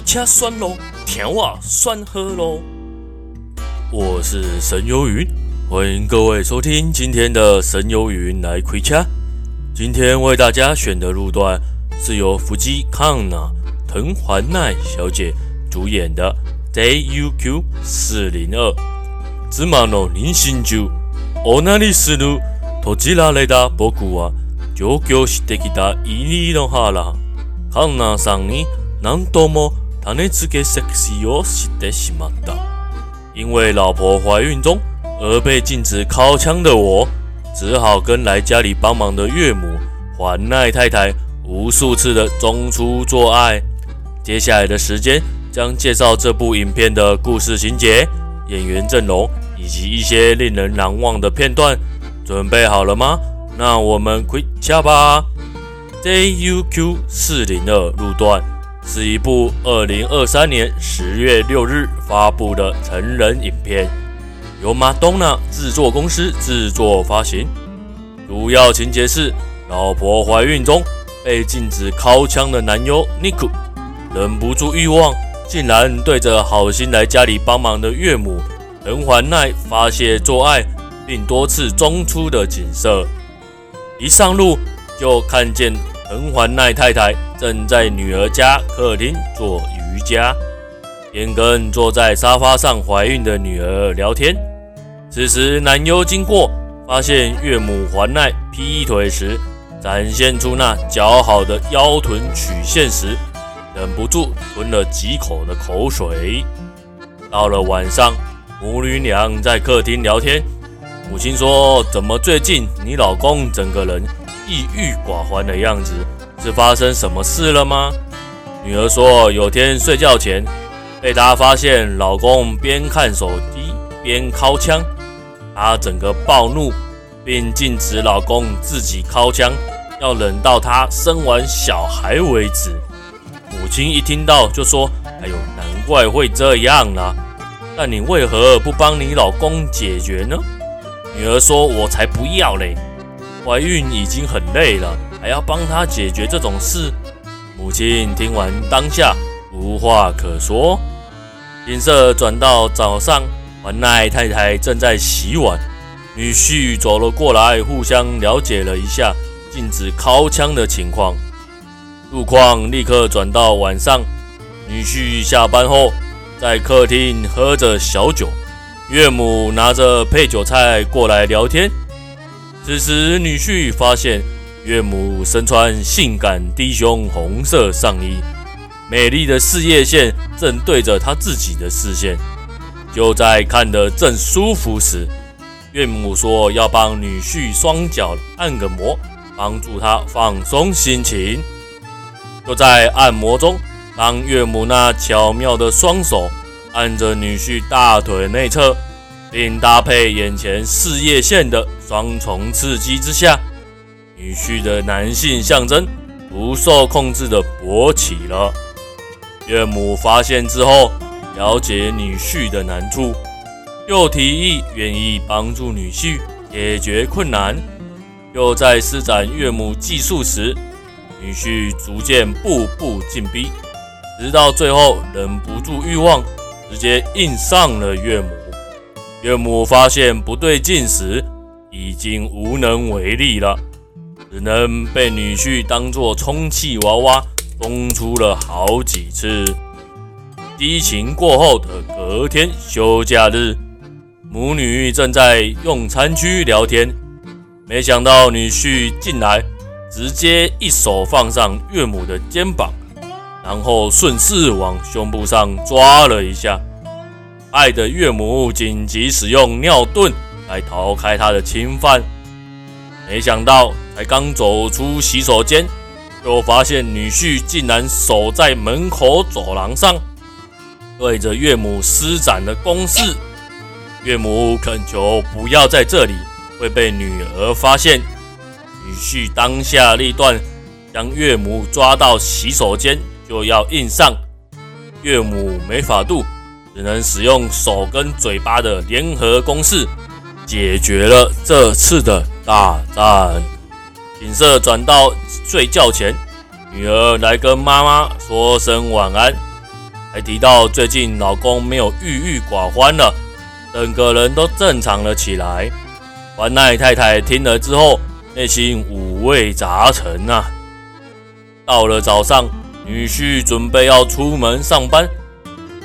吃酸咯，甜話酸喝咯。我是神悠雲，歡迎各位收聽今天的神悠雲來開車。今天為大家選的路段是由藤かんな藤環奈小姐主演的 JUQ402《JUQ402》。妻の妊娠中、オナニーすらも、禁じられた僕は、上京してきた義理の母、康娜さんに何度も？sexy 因為老婆懷孕中而被禁止尻槍的我，只好跟來家裡幫忙的岳母環奈太太無數次的中出做愛。接下來的時間將介紹這部影片的故事情節、演員陣容以及一些令人難忘的片段。準備好了嗎？那我們回家吧。JUQ402 路段，是一部二零二三年十月六日發布的成人影片，由 Madonna 製作公司製作發行。主要情節是，老婆懷孕中被禁止尻槍的男優 Nick，忍不住慾望，竟然對着好心來家裡幫忙的岳母藤環奈發洩做愛，並多次中出的景色。一上路就看見。藤環奈太太正在女兒家客廳做瑜伽，邊跟坐在沙發上懷孕的女兒聊天。此時男優經過，發現岳母環奈劈腿時展現出那姣好的腰臀曲線時，忍不住吞了幾口的口水。到了晚上，母女倆在客廳聊天，母親說：“怎麼最近你老公整個人？”鬱鬱寡歡的樣子，是發生什麼事了嗎？女兒說，有天睡覺前被她發現老公邊看手機邊尻槍，她整個暴怒，並禁止老公自己尻槍，要忍到她生完小孩為止。母親一聽到就說：“哎呦，難怪會這樣啦，但你為何不幫你老公解決呢？”女兒說：“我才不要嘞。”懷孕已經很累了，還要幫他解決這種事。母親聽完，當下無話可說。景色轉到早上，環奈太太正在洗碗，女婿走了過來，互相了解了一下禁止尻槍的情況。路況立刻轉到晚上，女婿下班後在客廳喝着小酒，岳母拿着配酒菜過來聊天。此時，女婿發現岳母身穿性感低胸紅色上衣，美麗的事業線正對着他自己的視線。就在看得正舒服時，岳母說要幫女婿雙腳按個摩，幫助他放鬆心情。就在按摩中，當岳母那巧妙的雙手按着女婿大腿內側。並搭配眼前事業線的雙重刺激之下，女婿的男性象徵不受控制的勃起了。岳母發現之後，了解女婿的難處，又提議願意幫助女婿解決困難。又在施展岳母技術時，女婿逐漸步步進逼，直到最後忍不住慾望，直接硬上了岳母。岳母發現不對勁時，已經無能為力了，只能被女婿當作充氣娃娃中出了好幾次。激情過後的隔天休假日，母女正在用餐區聊天，沒想到女婿進來，直接一手放上岳母的肩膀，然後順勢往胸部上抓了一下。愛的岳母緊急使用尿遁來逃開他的侵犯，沒想到才剛走出洗手間，就發現女婿竟然守在門口走廊上，對着岳母施展了攻勢。岳母懇求不要在這裡，會被女兒發現。女婿當下立斷，將岳母抓到洗手間就要硬上，岳母沒法度。只能使用手跟嘴巴的聯合攻勢，解決了這次的大戰。景色轉到睡覺前，女兒來跟媽媽說聲晚安，還提到最近老公沒有鬱鬱寡歡了，整個人都正常了起來。環奈太太聽了之後，內心五味雜陳啊。到了早上，女婿準備要出門上班。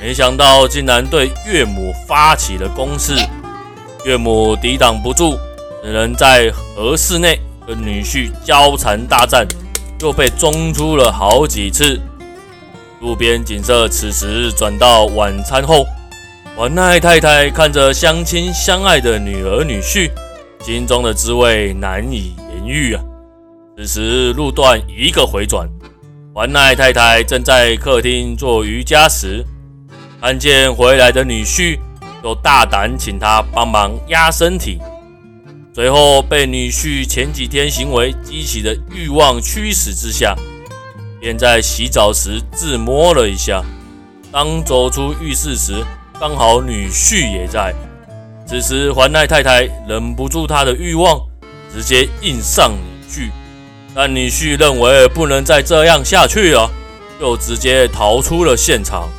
沒想到竟然對岳母發起了攻勢，岳母抵擋不住，只能在和室內跟女婿交纏大戰，又被中出了好幾次。路邊景色此時轉到晚餐後，環奈太太看着相親相愛的女兒女婿，心中的滋味難以言喻啊。此時路段一個回轉，環奈太太正在客廳做瑜伽時看見回來的女婿，就大膽請他幫忙壓身體。隨後被女婿前幾天行為激起的欲望驅使之下，便在洗澡時自摸了一下。當走出浴室時，剛好女婿也在。此時，環奈太太忍不住她的欲望，直接硬上女婿。但女婿認為不能再這樣下去了，就直接逃出了現場。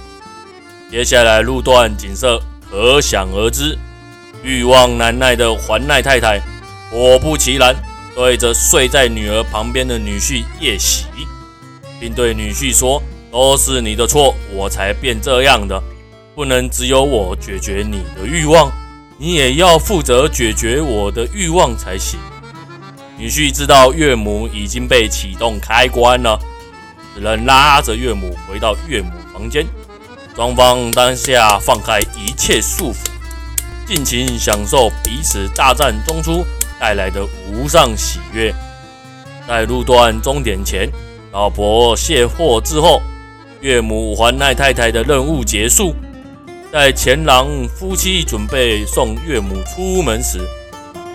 接下來路段景色可想而知，欲望難耐的環奈太太，果不其然，對着睡在女兒旁邊的女婿夜襲，並對女婿說：“都是你的錯，我才變這樣的，不能只有我解決你的欲望，你也要負責解決我的欲望才行。”女婿知道岳母已經被啟動開關了，只能拉着岳母回到岳母房間。雙方當下放開一切束縛，盡情享受彼此大戰中出帶來的無上喜悅。在路段終點前，老婆卸貨之後，岳母環奈太太的任務結束。在前郎夫妻準備送岳母出門時，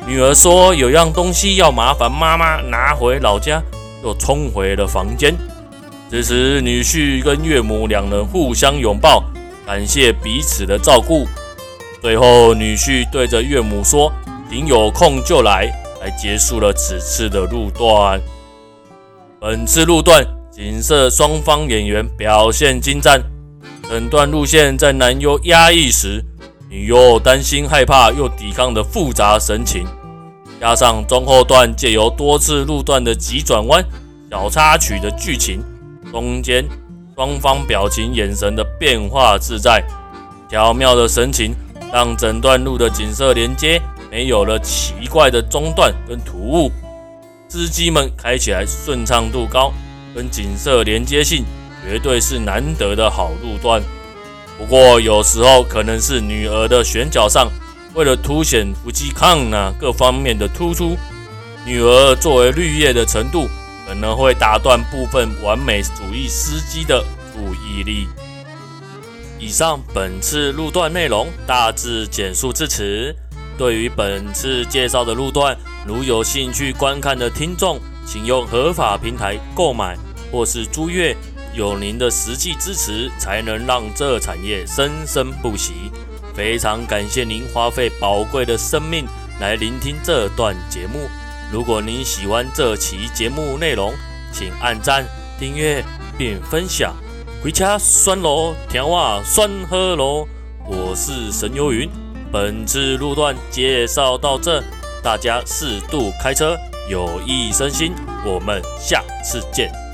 女兒說有樣東西要麻煩媽媽拿回老家，又衝回了房間。此時，女婿跟岳母兩人互相擁抱，感謝彼此的照顧。最後，女婿對着岳母說：“您有空就來。”才結束了此次的路段。本次路段景色雙方演員表現精湛，整段路線在男優壓抑時，女優擔心、害怕又抵抗的複雜神情，加上中後段借由多次路段的急轉彎、小插曲的劇情。中間雙方表情眼神的變化自在，巧妙的神情讓整段路的景色連接沒有了奇怪的中斷跟突兀。司機們開起來順暢度高，跟景色連接性絕對是難得的好路段。不過有時候可能是女兒的選角上，為了凸顯藤環奈各方面的突出，女兒作為綠葉的程度，可能會打斷部分完美主義司機的注意力。以上本次路段內容大致簡述至此。對於本次介紹的路段，如有興趣觀看的聽眾，請用合法平台購買或是租閱。有您的實際支持，才能讓這產業生生不息。非常感謝您花費寶貴的生命來聆聽這段節目。如果您喜歡這期節目內容，請按讚、訂閱並分享。回家酸囉，甜話酸喝囉。我是神游雲，本次路段介紹到這，大家適度開車，有益身心。我們下次見。